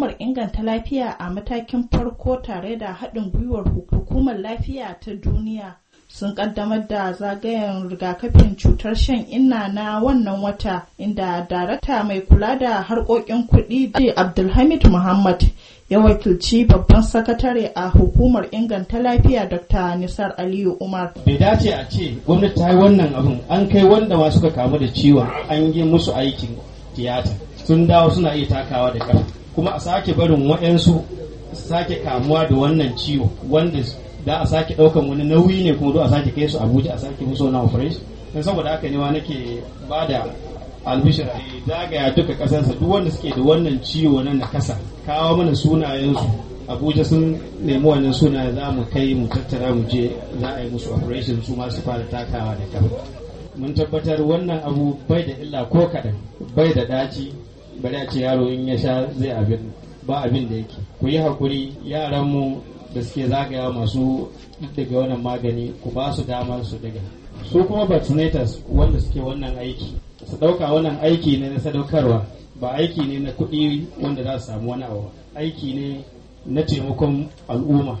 hukumar inganta lafiya a matakin farko tare da haɗin gwiwar hukumar lafiya ta duniya sun kaddamar da zagayen rigakafin cutar shan inna na wannan wata inda darakta mai kula da harkokin kuɗi da abdulhamid muhammad ya wakilci babban sakatare a hukumar inganta lafiya dr nisar aliyu umar bai dace a ce gwamnati ta yi wannan abin an kai wanda ma suka kamu da ciwon an yi musu aikin tiyata sun dawo suna iya takawa da kafa kuma a sake barin waɗansu sake kamuwa da wannan ciwo wanda da a sake ɗaukan wani nauyi ne kuma a sake kai su abuja a sake musu wani operation don saboda haka ne ma nake ba da albishir zagaya duka ƙasarsa duk wanda suke da wannan ciwo na nakasa kawo mana sunayensu abuja sun nemi wannan suna za mu kai mu tattara mu je za a yi musu operation su ma su fara takawa da kafa mun tabbatar wannan abu bai da illa ko kaɗan bai da ɗaci bari a ce yaro in ya sha zai abin ba abin da yake ku yi hakuri yaranmu da suke zagaya masu daga wannan magani ku ba su damar su daga su kuma vaccinators wanda suke wannan aiki su ɗauka wannan aiki ne na sadaukarwa ba aiki ne na kuɗi wanda za su samu wani abu aiki ne na taimakon al'umma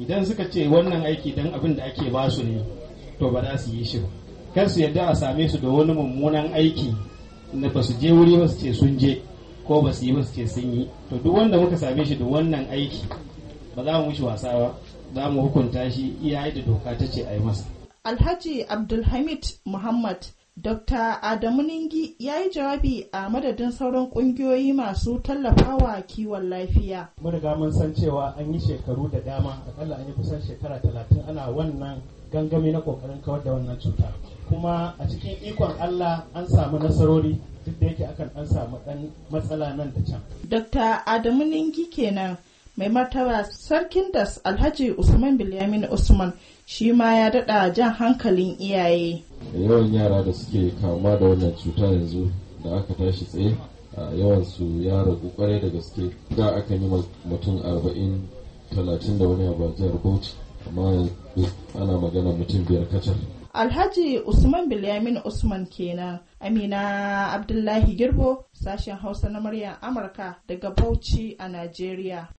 idan suka ce wannan aiki don abin da ake ba su ne to ba za su yi shi ba kar su yadda a same su da wani mummunan aiki na ba su je wuri ba su ce sun je ko ba su yi ba su ce sun yi to duk wanda muka same shi da wannan aiki ba za mu mishi wasa ba za mu hukunta shi iya da doka ta ce a yi masa alhaji abdulhamid muhammad Dr. Adamu Ningi ya yi jawabi a madadin sauran ƙungiyoyi masu tallafawa kiwon lafiya. Madaga mun san cewa an yi shekaru da dama, akalla an yi kusan shekara talatin ana wannan gangami na kokarin kawar da wannan cuta. Kuma a cikin ikon Allah an samu nasarori duk da yake akan an samu ɗan matsala nan da can. Dr. Adamu Ningi kenan. mai martaba sarkin das alhaji usman bilyamin usman shi ma ya daɗa jan hankalin iyaye da yawan yara da suke kama da wannan cuta yanzu da aka tashi tsaye a yawan su ya ragu kwarai da gaske da aka yi mutum arba'in talatin da wani abu jihar bauchi amma ana magana mutum biyar kacal alhaji usman bilyamin usman kenan amina abdullahi girbo sashen hausa na murya amurka daga bauchi a najeriya